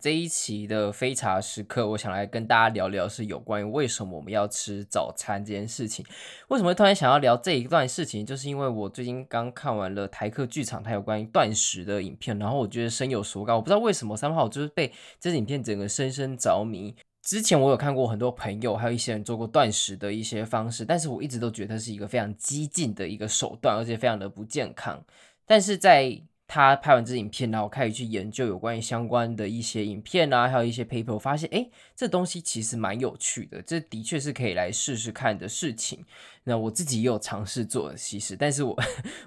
這一期的非常時刻，我想來跟大家聊聊是有關於為什麼我們要吃早餐這件事情。為什麼會突然想要聊這一段事情？就是因為我最近剛看完了台客劇場，它有關於斷食的影片，然後我覺得深有所感。我不知道為什麼三八號就是被這支影片整個深深着迷。之前我有看過很多朋友還有一些人做過斷食的一些方式，但是我一直都覺得是一個非常激進的一個手段，而且非常的不健康。但是在他拍完這支影片，然後開始去研究有關於相關的一些影片啊，還有一些 paper，發現，誒、欸，這東西其實蠻有趣的，這的確是可以來試試看的事情。那我自己也有嘗試做了西施，但是我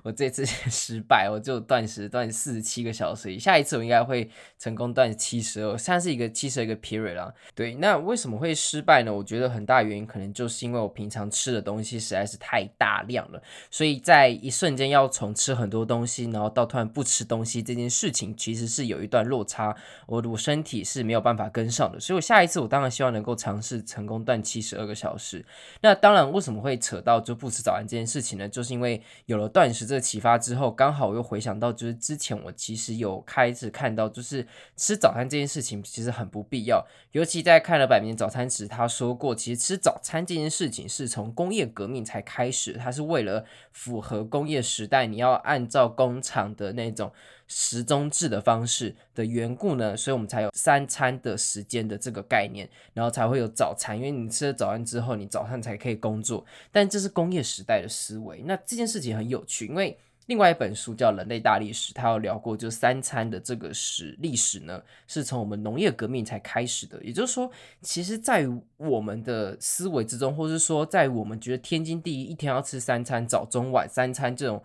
我這次失敗，我就斷食斷四十七個小時以，下一次我應該會成功斷七十二，算是一個七十二個 period 了。對，那為什麼會失敗呢？我覺得很大原因可能就是因為我平常吃的東西實在是太大量了，所以在一瞬間要從吃很多東西，然後到突然不吃東西這件事情，其實是有一段落差，我我身體是沒有辦法跟上的。所以我下一次我當然希望能夠嘗試成功斷七十二個小時。那當然為什麼會扯？到就不吃早餐這件事情呢，就是因為有了斷食這個啟發之後，剛好我又回想到，就是之前我其實有開始看到，就是吃早餐這件事情其實很不必要。尤其在看了《百年早餐》時，他說過，其實吃早餐這件事情是從工業革命才開始，它是為了符合工業時代，你要按照工廠的那種。時鐘製的方式的緣故呢，所以我們才有三餐的時間的這個概念，然後才會有早餐。因為你吃了早餐之後，你早上才可以工作。但這是工業時代的思維。那這件事情很有趣，因為另外一本書叫《人類大歷史》，它有聊過，就三餐的這個史歷史呢，是從我們農業革命才開始的。也就是說，其實，在我們的思維之中，或是說，在我們覺得天經地義，一天要吃三餐，早中晚三餐這種。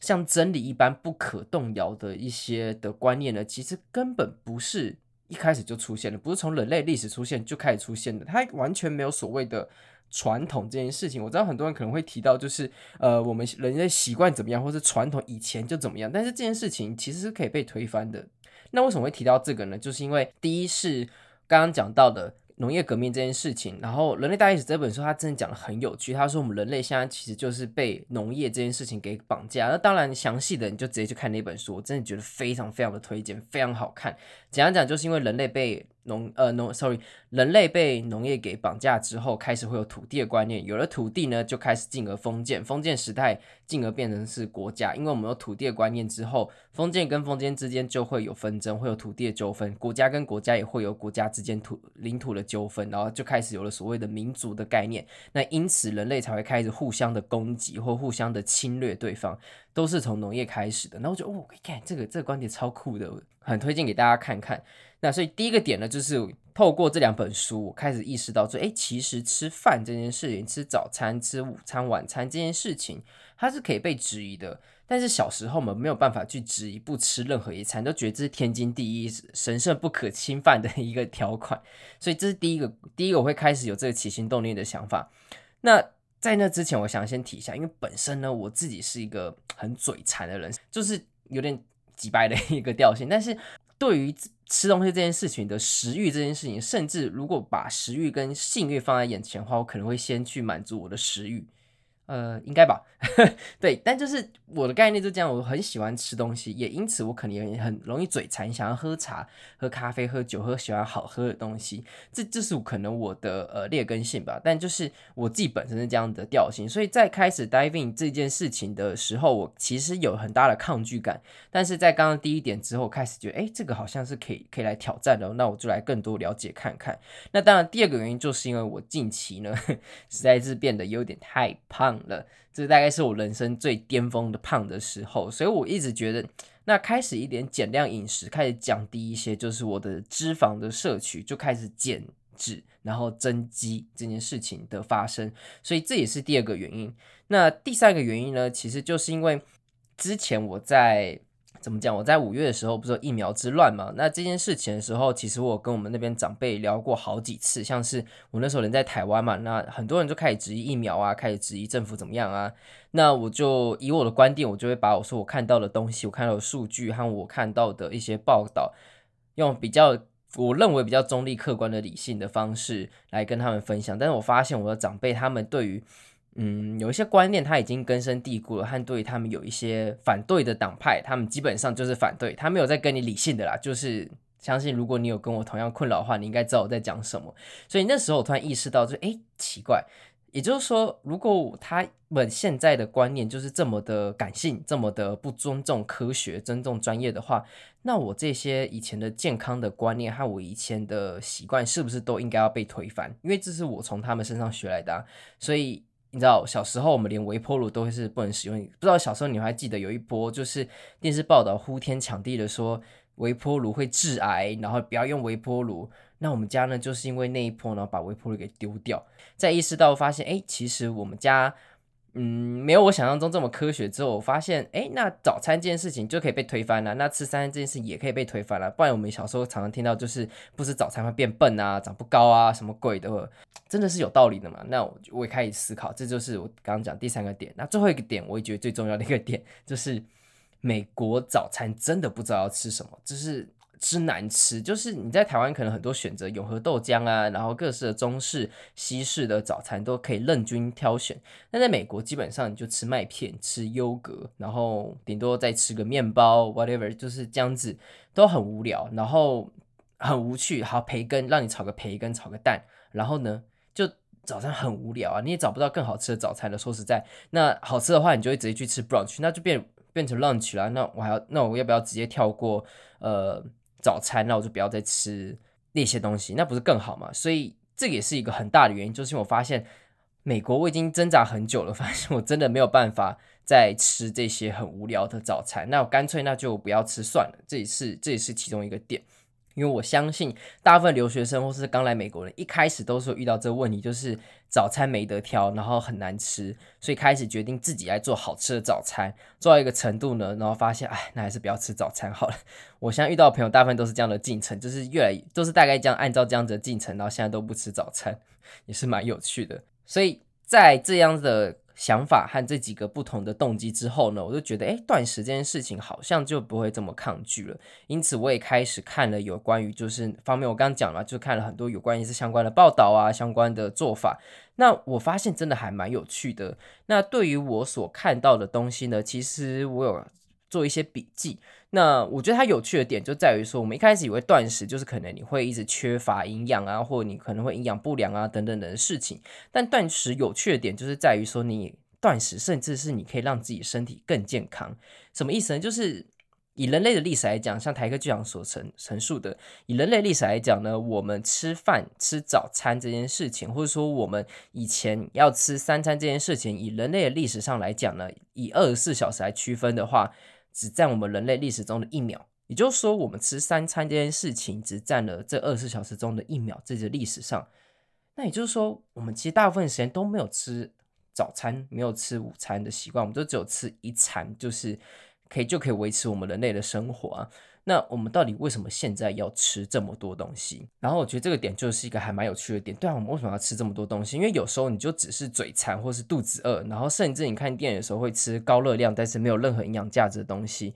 像真理一般不可動搖的一些的觀念呢，其實根本不是一開始就出現的，不是從人類歷史出現就開始出現的，它完全沒有所謂的傳統這件事情。我知道很多人可能會提到，就是呃，我們人類習慣怎麼樣，或是傳統以前就怎麼樣，但是這件事情其實是可以被推翻的。那為什麼會提到這個呢？就是因為第一是剛剛講到的。農業革命這件事情，然後《人類大歷史》這本書，它真的講的很有趣。他說，我們人類現在其實就是被農業這件事情給綁架。那當然，詳細的你就直接去看那本書，我真的覺得非常非常的推薦，非常好看。簡單講，就是因為人類被。農呃農、no，sorry，人類被農業給綁架之後，開始會有土地的觀念，有了土地呢，就開始進而封建，封建時代進而變成是國家，因為我們有土地的觀念之後，封建跟封建之間就會有紛爭，會有土地的糾紛，國家跟國家也會有國家之間土領土的糾紛，然後就開始有了所謂的民族的概念，那因此人類才會開始互相的攻擊或互相的侵略對方，都是從農業開始的。那我覺得哦，看這個這個觀點超酷的，很推薦給大家看看。那所以第一個點呢，就是透過這兩本書，我開始意識到說，誒、欸，其實吃飯這件事情，吃早餐、吃午餐、晚餐這件事情，它是可以被質疑的。但是小時候我們沒有辦法去質疑不吃任何一餐，都覺得這是天經地義、神聖不可侵犯的一個條款。所以這是第一個，第一個我會開始有這個起心動念的想法。那在那之前，我想先提一下，因為本身呢，我自己是一個很嘴饞的人，就是有點幾拜的一個調性，但是對於。吃東西這件事情的食欲這件事情，甚至如果把食欲跟性欲放在眼前的話，我可能會先去滿足我的食欲。呃，應該吧， 對，但就是我的概念就這樣，我很喜歡吃東西，也因此我可能也很容易嘴饞，想要喝茶、喝咖啡、喝酒、喝喜歡好喝的東西，這這是可能我的呃劣根性吧。但就是我自己本身是這樣的調性，所以在開始 diving 這件事情的時候，我其實有很大的抗拒感。但是在剛剛第一點之後，我開始覺得，哎、欸，這個好像是可以可以來挑戰的，那我就來更多了解看看。那當然，第二個原因就是因為我近期呢，實在是變得有點太胖。了，這大概是我人生最巔峰的胖的時候，所以我一直覺得，那開始一點減量飲食，開始降低一些，就是我的脂肪的攝取，就開始減脂，然後增肌這件事情的發生，所以這也是第二個原因。那第三個原因呢，其實就是因為之前我在。怎麼講？我在五月的時候，不是有疫苗之亂嘛？那這件事情的時候，其實我跟我們那邊長輩聊過好幾次。像是我那時候人在台灣嘛，那很多人就開始質疑疫苗啊，開始質疑政府怎麼樣啊。那我就以我的觀點，我就會把我說我看到的東西，我看到的數據和我看到的一些報道，用比較我認為比較中立、客觀的理性的方式來跟他們分享。但是我發現我的長輩他們對於嗯，有一些觀念他已經根深蒂固了，和對他們有一些反對的黨派，他們基本上就是反對，他沒有在跟你理性的啦，就是相信如果你有跟我同樣困擾的話，你應該知道我在講什麼。所以那時候我突然意識到就，就、欸、誒奇怪，也就是說，如果他們現在的觀念就是這麼的感性，這麼的不尊重科學、尊重專業的話，那我這些以前的健康的觀念和我以前的習慣，是不是都應該要被推翻？因為這是我從他們身上學來的、啊，所以。你知道小時候我們連微波爐都是不能使用，不知道小時候你還記得有一波就是電視報道呼天搶地的說微波爐會致癌，然後不要用微波爐。那我們家呢就是因為那一波，然後把微波爐給丟掉。再意識到發現，欸，其實我們家。嗯，沒有我想象中這麼科學。之後我發現，哎，那早餐這件事情就可以被推翻了。那吃三餐這件事情也可以被推翻了。不然我們小時候常常聽到，就是不吃早餐會變笨啊，長不高啊，什麼鬼的話，真的是有道理的嘛？那我就我也開始思考，這就是我剛剛講第三個點。那最後一個點，我也覺得最重要的一個點，就是美國早餐真的不知道要吃什麼，就是。之難吃，就是你在台灣可能很多選擇永和豆漿啊，然後各式的中式、西式的早餐都可以任君挑選。那在美國基本上你就吃麥片，吃優格，然後頂多再吃個麵包，whatever，就是這樣子，都很無聊，然後很無趣。好，培根，讓你炒個培根，炒個蛋，然後呢，就早餐很無聊啊，你也找不到更好吃的早餐了。說實在，那好吃的話，你就會直接去吃 brunch，那就變變成 lunch 啦。那我還要，那我要不要直接跳過呃？早餐，那我就不要再吃那些東西，那不是更好嗎？所以這也是一個很大的原因，就是因為我發現美國我已經掙扎很久了，發現我真的沒有辦法再吃這些很無聊的早餐，那我乾脆那就不要吃算了，這也是這也是其中一個點。因為我相信大部分留學生，或是剛來美國人一開始都是遇到這個問題，就是早餐沒得挑，然後很難吃，所以開始決定自己來做好吃的早餐。做到一個程度呢，然後發現，哎，那還是不要吃早餐好了。我現在遇到的朋友大部分都是這樣的進程，就是越來都是大概這樣按照這樣子的進程，然後現在都不吃早餐，也是蠻有趣的。所以在這樣的。想法和這幾個不同的動機之後呢，我就覺得，哎，斷食這件事情好像就不會這麼抗拒了。因此，我也開始看了有關於就是方面，我剛剛講了，就看了很多有關於是相關的報道啊，相關的做法。那我發現真的還蠻有趣的。那對於我所看到的東西呢，其實我有做一些筆記。那我覺得它有趣的點就在於說，我們一開始以為斷食就是可能你會一直缺乏營養啊，或者你可能會營養不良啊等等等的事情。但斷食有趣的點就是在於說，你斷食甚至是你可以讓自己身體更健康。什麼意思呢？就是以人類的歷史來講，像台科這獎所陳陳述的，以人類的歷史來講呢，我們吃飯吃早餐這件事情，或者說我們以前要吃三餐這件事情，以人類的歷史上來講呢，以二十四小時來區分的話只佔我們人類歷史中的一秒，也就是說，我們吃三餐這件事情只佔了這二十四小時中的一秒。在這歷史上，那也就是說，我們其實大部分時間都沒有吃早餐，沒有吃午餐的習慣，我們都只有吃一餐，就是可以就可以維持我們人類的生活啊。那我們到底為什麼現在要吃這麼多東西？然後我覺得這個點就是一個還蠻有趣的點。對啊，我們為什麼要吃這麼多東西？因為有時候你就只是嘴饞，或是肚子餓，然後甚至你看電影的時候會吃高熱量但是沒有任何營養價值的東西。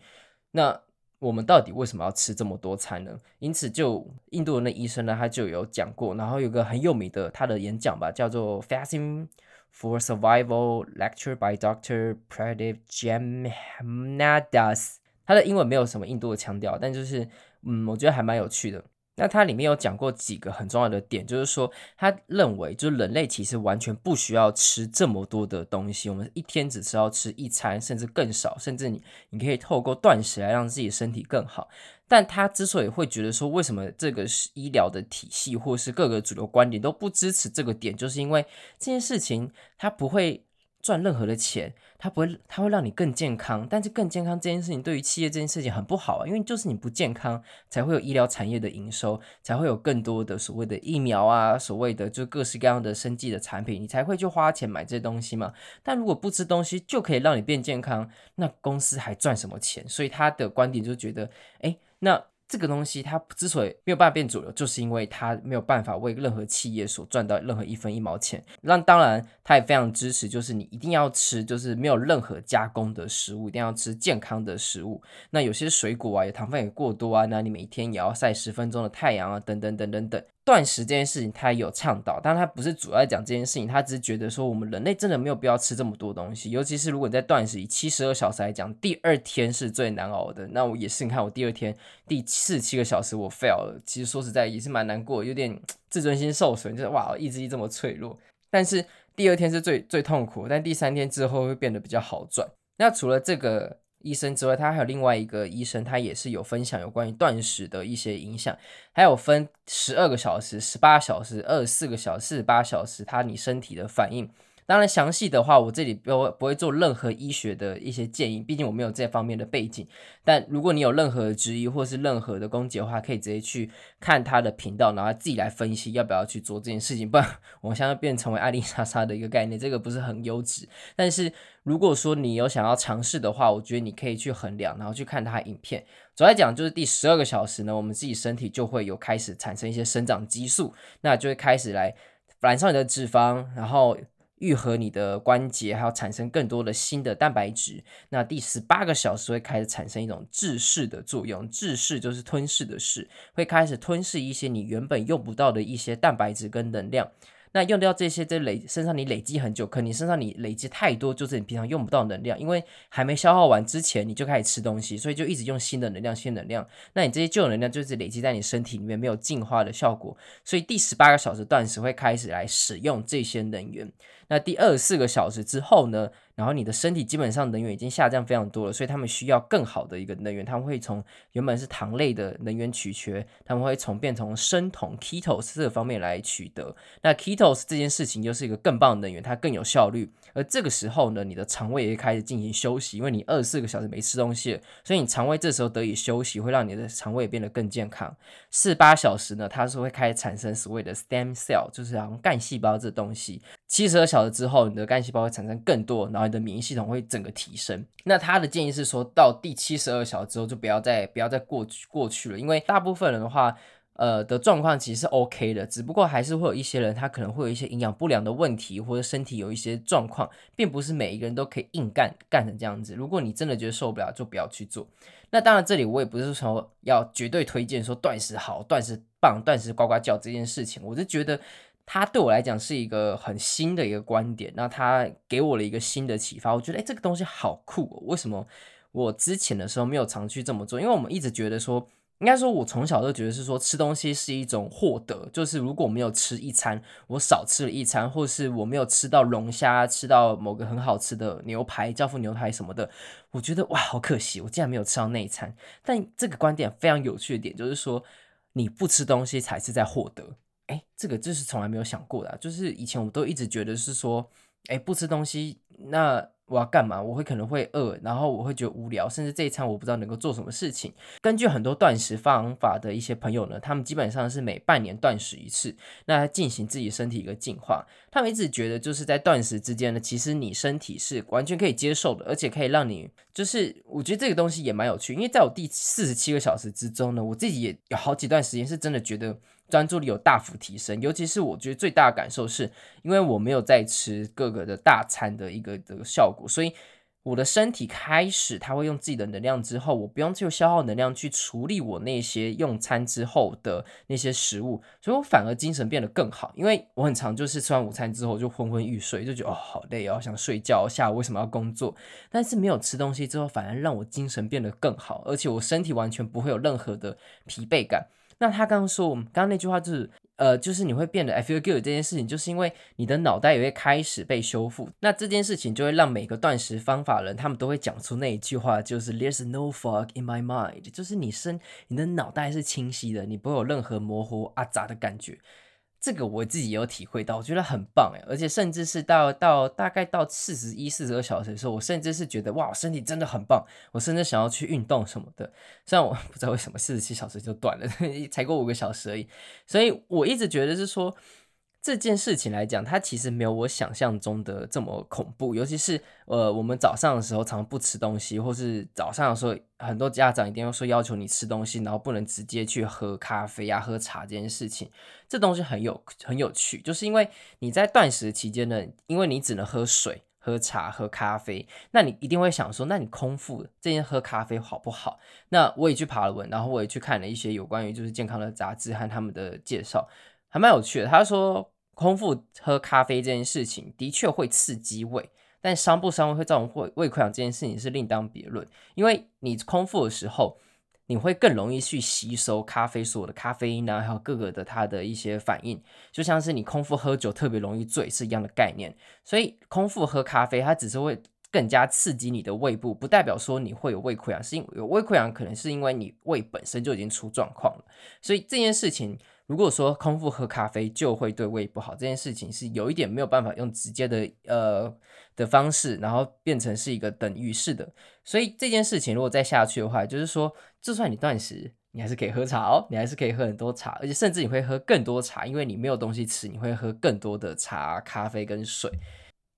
那我們到底為什麼要吃這麼多餐呢？因此，就印度的醫生呢，他就有講過，然後有一個很有名的他的演講吧，叫做 ival,《Fasting for Survival Lecture》by Doctor Pradeep Jamnadas 他的英文沒有什麼印度的腔調，但就是，嗯，我覺得還蠻有趣的。那他裡面有講過幾個很重要的點，就是說他認為，就是人類其實完全不需要吃這麼多的東西，我們一天只需要吃一餐，甚至更少，甚至你你可以透過斷食來讓自己的身體更好。但他之所以會覺得說，為什麼這個是醫療的體系或是各個主流觀點都不支持這個點，就是因為這件事情他不會。賺任何的錢，它不會，它會讓你更健康，但是更健康這件事情對於企業這件事情很不好啊，因為就是你不健康，才會有醫療產業的營收，才會有更多的所謂的疫苗啊，所謂的就各式各樣的生技的產品，你才會去花錢買這些東西嘛。但如果不吃東西就可以讓你變健康，那公司還賺什麼錢？所以他的觀點就覺得，哎、欸，那。這個東西它之所以沒有辦法變主流，就是因為它沒有辦法為任何企業所賺到任何一分一毛錢。那當然，它也非常支持，就是你一定要吃，就是沒有任何加工的食物，一定要吃健康的食物。那有些水果啊，有糖分也過多啊，那你每天也要曬十分鐘的太陽啊，等等等等等，等。斷食這件事情，他也有倡導，但他不是主要講這件事情，他只是覺得說，我們人類真的沒有必要吃這麼多東西，尤其是如果你在斷食以七十二小時來講，第二天是最難熬的。那我也是，你看我第二天第四七個小時我 fail 了，其實說實在也是蠻難過，有點自尊心受損，就是哇意志力這麼脆弱。但是第二天是最最痛苦，但第三天之後會變得比較好轉。那除了這個醫生之外，他還有另外一個醫生，他也是有分享有關於斷食的一些影響，還有分十二個小時、十八小時、二十四個小時、四十八小時，他你身體的反應。當然，詳細的話，我這裡不會不會做任何醫學的一些建議，畢竟我沒有這方面的背景。但如果你有任何的質疑或是任何的攻擊的話，可以直接去看他的頻道，然後自己來分析要不要去做這件事情。不然，我現在變成為愛莉莎莎的一個概念，這個不是很優質。但是如果說你有想要嘗試的話，我覺得你可以去衡量，然後去看他的影片。總來講，就是第十二個小時呢，我們自己身體就會有開始產生一些生長激素，那就會開始來燃燒你的脂肪，然後。癒合你的關節，還要產生更多的新的蛋白質。那第十八個小時會開始產生一種自噬的作用，自噬就是吞噬的噬，會開始吞噬一些你原本用不到的一些蛋白質跟能量。那用掉這些在累身上，你累積很久，可你身上你累積太多，就是你平常用不到能量，因為還沒消耗完之前你就開始吃東西，所以就一直用新的能量、新能量。那你這些舊能量就是累積在你身體裡面，沒有淨化的效果。所以第十八個小時斷食會開始來使用這些能源。那第二十四個小時之後呢？然後你的身體基本上能源已經下降非常多了，所以他們需要更好的一個能源，他們會從原本是糖類的能源取缺，他們會從變成生酮 ketos 這方面來取得。那 ketos 這件事情就是一個更棒的能源，它更有效率。而這個時候呢，你的腸胃也會開始進行休息，因為你二十四小時沒吃東西，所以你腸胃這時候得以休息，會讓你的腸胃變得更健康。四八小時呢，它是會開始產生所謂的 stem cell，就是像幹細胞這東西。七十二小時之後，你的幹細胞會產生更多，然後你的免疫系統會整個提升。那他的建議是說，到第七十二小時之後就不要再不要再過去過去了，因為大部分人的話，呃的狀況其實是 OK 的，只不過還是會有一些人他可能會有一些營養不良的問題，或者身體有一些狀況，並不是每一個人都可以硬幹幹成這樣子。如果你真的覺得受不了，就不要去做。那當然，這裡我也不是說要絕對推薦說斷食好、斷食棒、斷食呱呱叫這件事情，我是覺得。它對我來講是一個很新的一個觀點，那它給我了一個新的啟發。我覺得，哎、欸，這個東西好酷喔。為什麼我之前的時候沒有嘗試這麼做？因為我們一直覺得說，應該說，我從小就覺得是說，吃東西是一種獲得。就是如果沒有吃一餐，我少吃了一餐，或是我沒有吃到龍蝦，吃到某個很好吃的牛排，教父牛排什麼的，我覺得哇，好可惜，我竟然沒有吃到那一餐。但這個觀點非常有趣的點就是說，你不吃東西才是在獲得。誒，這個就是從來沒有想過的啊，就是以前我都一直覺得是說，誒，不吃東西，那我要幹嘛？我會可能會餓，然後我會覺得無聊，甚至這一餐我不知道能夠做什麼事情。根據很多斷食方法的一些朋友呢，他們基本上是每半年斷食一次，那進行自己身體一個進化。他們一直覺得就是在斷食之間呢，其實你身體是完全可以接受的，而且可以讓你就是，我覺得這個東西也蠻有趣，因為在我第四十七個小時之中呢，我自己也有好幾段時間是真的覺得。專注力有大幅提升，尤其是我覺得最大的感受是，因為我沒有在吃各個的大餐的一個這個效果，所以我的身體開始它會用自己的能量之後，我不用就消耗能量去處理我那些用餐之後的那些食物，所以我反而精神變得更好。因為我很常就是吃完午餐之後就昏昏欲睡，就覺得哦好累哦想睡覺，下午為什麼要工作？但是沒有吃東西之後，反而讓我精神變得更好，而且我身體完全不會有任何的疲憊感。那他剛剛說，我們剛剛那句話就是，呃，就是你會變得 I feel good 這件事情，就是因為你的腦袋也會開始被修復。那這件事情就會讓每個斷食方法人，他們都會講出那一句話，就是 There's no fog in my mind，就是你身，你的腦袋是清晰的，你不會有任何模糊啊雜的感覺。這個我自己也有體會到，我覺得很棒耶，而且甚至是到到大概到四十一、四十二小時的時候，我甚至是覺得哇，我身體真的很棒，我甚至想要去運動什麼的。雖然我不知道為什麼四十七小時就斷了，才過五個小時而已，所以我一直覺得是說。這件事情來講，它其實沒有我想象中的這麼恐怖。尤其是呃，我們早上的時候常常不吃東西，或是早上的時候很多家長一定要說要求你吃東西，然後不能直接去喝咖啡呀、啊、喝茶這件事情，這東西很有很有趣，就是因為你在斷食期間呢，因為你只能喝水、喝茶、喝咖啡，那你一定會想說，那你空腹這些喝咖啡好不好？那我也去爬了文，然後我也去看了一些有關於就是健康的雜誌和他們的介紹，還蠻有趣的。他說。空腹喝咖啡這件事情的確會刺激胃，但傷不傷胃會造成胃胃潰瘍這件事情是另當別論。因為你空腹的時候，你會更容易去吸收咖啡所有的咖啡因啊，還有各個的它的一些反應，就像是你空腹喝酒特別容易醉是一樣的概念。所以空腹喝咖啡，它只是會更加刺激你的胃部，不代表說你會有胃潰瘍。是因為有胃潰瘍，可能是因為你胃本身就已經出狀況了。所以這件事情，如果說空腹喝咖啡就會對胃不好，這件事情是有一點沒有辦法用直接的呃的方式，然後變成是一個等於是的，所以這件事情如果再下去的話，就是說就算你斷食，你還是可以喝茶哦，你還是可以喝很多茶，而且甚至你會喝更多茶，因為你沒有東西吃，你會喝更多的茶、咖啡跟水。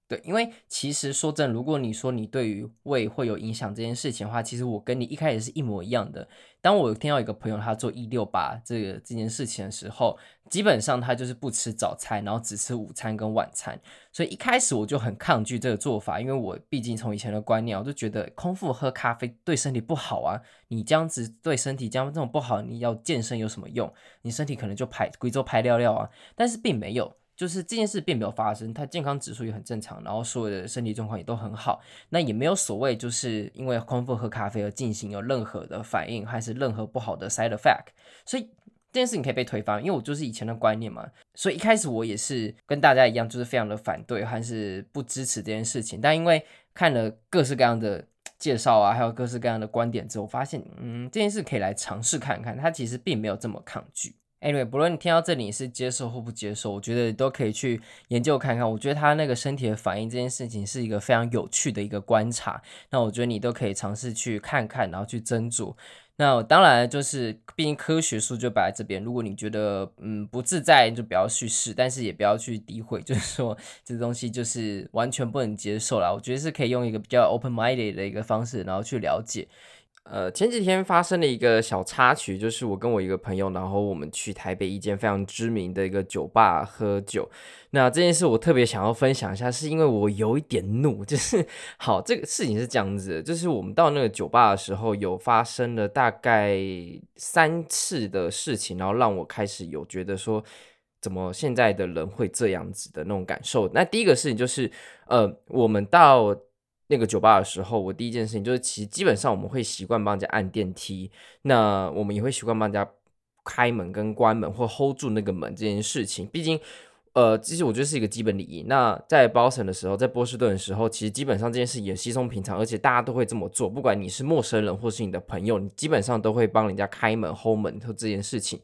對，因為其實說真，如果你說你對於胃會有影響這件事情的話，其實我跟你一開始是一模一樣的。當我聽到一個朋友他做一六八這個這件事情的時候，基本上他就是不吃早餐，然後只吃午餐跟晚餐，所以一開始我就很抗拒這個做法，因為我畢竟從以前的觀念，我就覺得空腹喝咖啡對身體不好啊。你這樣子對身體這樣這麼不好，你要健身有什麼用？你身體可能就排貴州排尿尿啊，但是並沒有。就是這件事並沒有發生，他健康指數也很正常，然後所有的身體狀況也都很好，那也沒有所謂就是因為空腹喝咖啡而進行有任何的反應，還是任何不好的 side effect，所以這件事你可以被推翻，因為我就是以前的觀念嘛，所以一開始我也是跟大家一樣，就是非常的反對，還是不支持這件事情，但因為看了各式各樣的介紹啊，還有各式各樣的觀點之後，發現嗯，這件事可以來嘗試看看，他其實並沒有這麼抗拒。Anyway，不論你聽到這裡你是接受或不接受，我覺得都可以去研究看看。我覺得他那個身體的反應這件事情是一個非常有趣的一個觀察。那我覺得你都可以嘗試去看看，然後去斟酌。那當然，就是畢竟科學書就擺在這邊。如果你覺得嗯不自在，你就不要去試，但是也不要去詆毀，就是說這些東西就是完全不能接受啦，我覺得是可以用一個比較 open-minded 的一個方式，然後去了解。呃，前幾天發生了一個小插曲，就是我跟我一個朋友，然後我們去台北一間非常知名的一個酒吧喝酒。那這件事我特別想要分享一下，是因為我有一點怒。就是好，這個事情是這樣子的，就是我們到那個酒吧的時候，有發生了大概三次的事情，然後讓我開始有覺得說，怎麼現在的人會這樣子的那種感受。那第一個事情就是，呃，我們到，那個酒吧的時候，我第一件事情就是，其實基本上我們會習慣幫人家按電梯，那我們也會習慣幫人家開門跟關門，或 hold 住那個門這件事情。畢竟，呃，其實我覺得是一個基本禮儀。那在 Boston 的時候，在波士頓的時候，其實基本上這件事情也稀鬆平常，而且大家都會這麼做，不管你是陌生人或是你的朋友，你基本上都會幫人家開門、hold 門，就這件事情。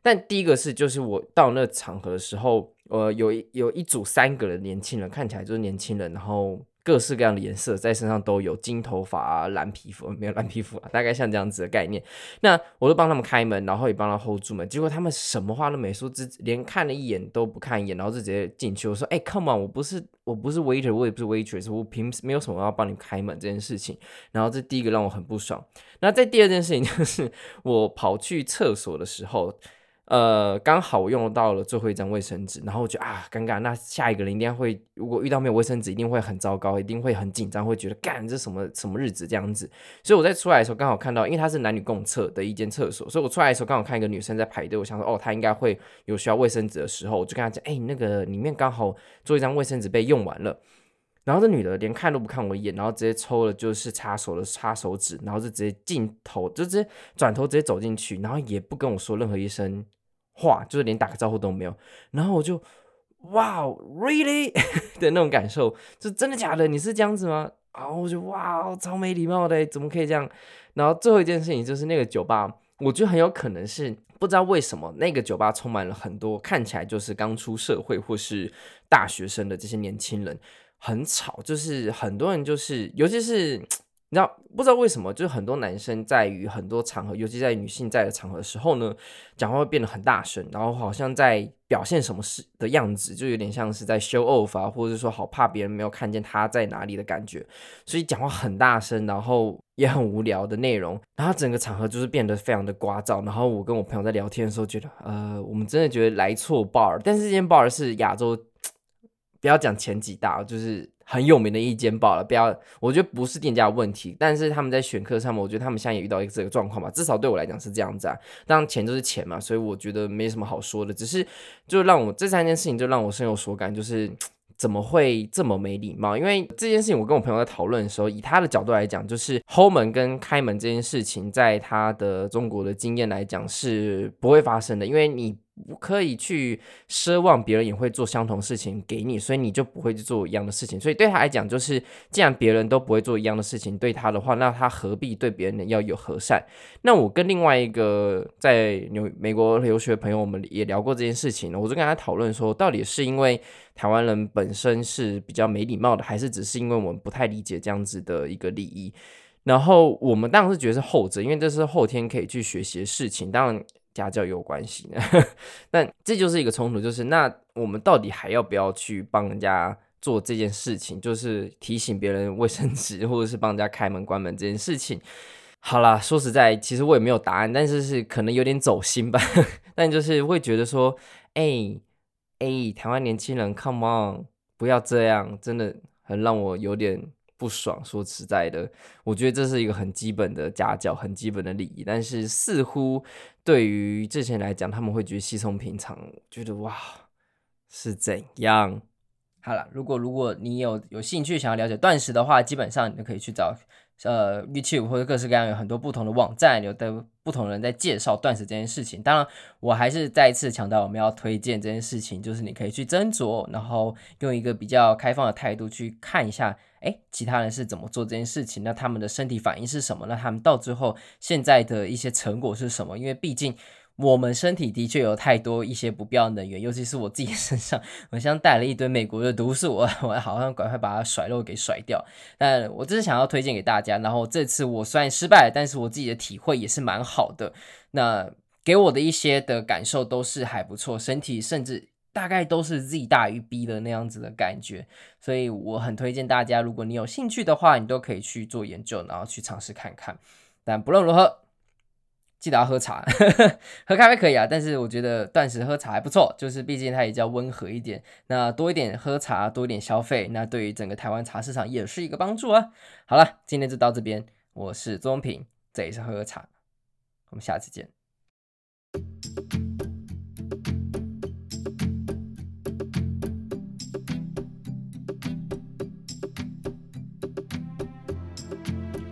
但第一個是，就是我到那個場合的時候，呃，有一有一組三個的年輕人，看起來就是年輕人，然後。各式各樣的顏色在身上都有，金頭髮啊、藍皮膚沒有藍皮膚啊，大概像這樣子的概念。那我就幫他們開門，然後也幫他們 hold 住門，結果他們什麼話都沒說，只連看了一眼都不看一眼，然後就直接進去。我說：“哎，欸，come on，我不是我不是 waiter，我也不是 waitress，我憑沒有什麼要幫你開門這件事情。”然後這第一個讓我很不爽。那在第二件事情就是我跑去廁所的時候。呃，剛好我用到了最後一張衛生紙，然後我就啊，尷尬。那下一個人一定會，如果遇到沒有衛生紙，一定會很糟糕，一定會很緊張，會覺得幹這是什麼什麼日子這樣子。所以我在出來的時候剛好看到，因為它是男女共廁的一間廁所，所以我出來的時候剛好看一個女生在排隊。我想說，哦，她應該會有需要衛生紙的時候，我就跟她講，哎、欸，那個裡面剛好做一張衛生紙被用完了。然後這女的連看都不看我一眼，然後直接抽了就是擦手的擦手紙，然後就直接鏡頭就直接轉頭直接走進去，然後也不跟我說任何一聲。話就是連打個招呼都沒有，然後我就哇，really 的那種感受，是真的假的？你是這樣子嗎？然後我就哇，超沒禮貌的，怎麼可以這樣？然後最後一件事情就是那個酒吧，我覺得很有可能是不知道為什麼那個酒吧充滿了很多看起來就是剛出社會或是大學生的這些年輕人，很吵，就是很多人就是尤其是。你知道不知道為什麼？就是很多男生在與很多場合，尤其在女性在的場合的時候呢，講話會變得很大聲，然後好像在表現什麼事的樣子，就有點像是在 show off 啊，或者是說好怕別人沒有看見他在哪裡的感覺，所以講話很大聲，然後也很無聊的內容，然後整個場合就是變得非常的聒噪。然後我跟我朋友在聊天的時候覺得，呃，我們真的覺得來錯 bar，但是這間 bar 是亞洲，不要講前幾大，就是。很有名的一間包了，不要，我覺得不是店家的問題，但是他們在選課上面，我覺得他們現在也遇到一個這個狀況吧，至少對我來講是這樣子啊。當然錢就是錢嘛，所以我覺得沒什麼好說的，只是就讓我這三件事情就讓我深有所感，就是怎麼會這麼沒禮貌？因為這件事情我跟我朋友在討論的時候，以他的角度來講，就是後門跟開門這件事情，在他的中國的經驗來講是不會發生的，因為你。不可以去奢望別人也會做相同事情給你，所以你就不會去做一樣的事情。所以對他來講，就是既然別人都不會做一樣的事情對他的話，那他何必對別人要有和善？那我跟另外一個在美國留學朋友，我們也聊過這件事情。我就跟他討論說，到底是因為台灣人本身是比較沒禮貌的，還是只是因為我們不太理解這樣子的一個禮儀？然後我們當然是覺得是後者，因為這是後天可以去學習的事情。當然。家教有關係的，那這就是一個衝突，就是那我們到底還要不要去幫人家做這件事情？就是提醒別人衛生紙，或者是幫人家開門關門這件事情。好啦，說實在，其實我也沒有答案，但是是可能有點走心吧。 但就是會覺得說，哎、欸、哎、欸，台灣年輕人，come on，不要這樣，真的很讓我有點不爽。說實在的，我覺得這是一個很基本的家教，很基本的禮儀，但是似乎。對於這些人來講，他們會覺得稀鬆平常，覺得哇是怎樣。好了，如果如果你有有興趣想要了解斷食的話，基本上你就可以去找呃 YouTube 或者各式各樣，有很多不同的網站，有的不同的人在介紹斷食這件事情。當然，我還是再一次強調，我們要推薦這件事情，就是你可以去斟酌，然後用一個比較開放的態度去看一下，哎，其他人是怎麼做這件事情，那他們的身體反應是什麼，那他們到最後現在的一些成果是什麼？因為畢竟。我們身體的確有太多一些不必要能源，尤其是我自己身上，我像帶了一堆美國的毒素，我我好像趕快把它甩肉給甩掉。但我只是想要推薦給大家，然後這次我雖然失敗了，但是我自己的體會也是蠻好的。那給我的一些的感受都是還不錯，身體甚至大概都是 z 大於 b 的那樣子的感覺，所以我很推薦大家，如果你有興趣的話，你都可以去做研究，然後去嘗試看看。但不論如何。記得要喝茶，喝咖啡可以啊，但是我覺得斷食喝茶還不錯，就是畢竟它也比較溫和一點。那多一點喝茶，多一點消費，那對於整個台灣茶市場也是一個幫助啊。好了，今天就到這邊，我是周中平，這也是呵呵茶，我們下次見。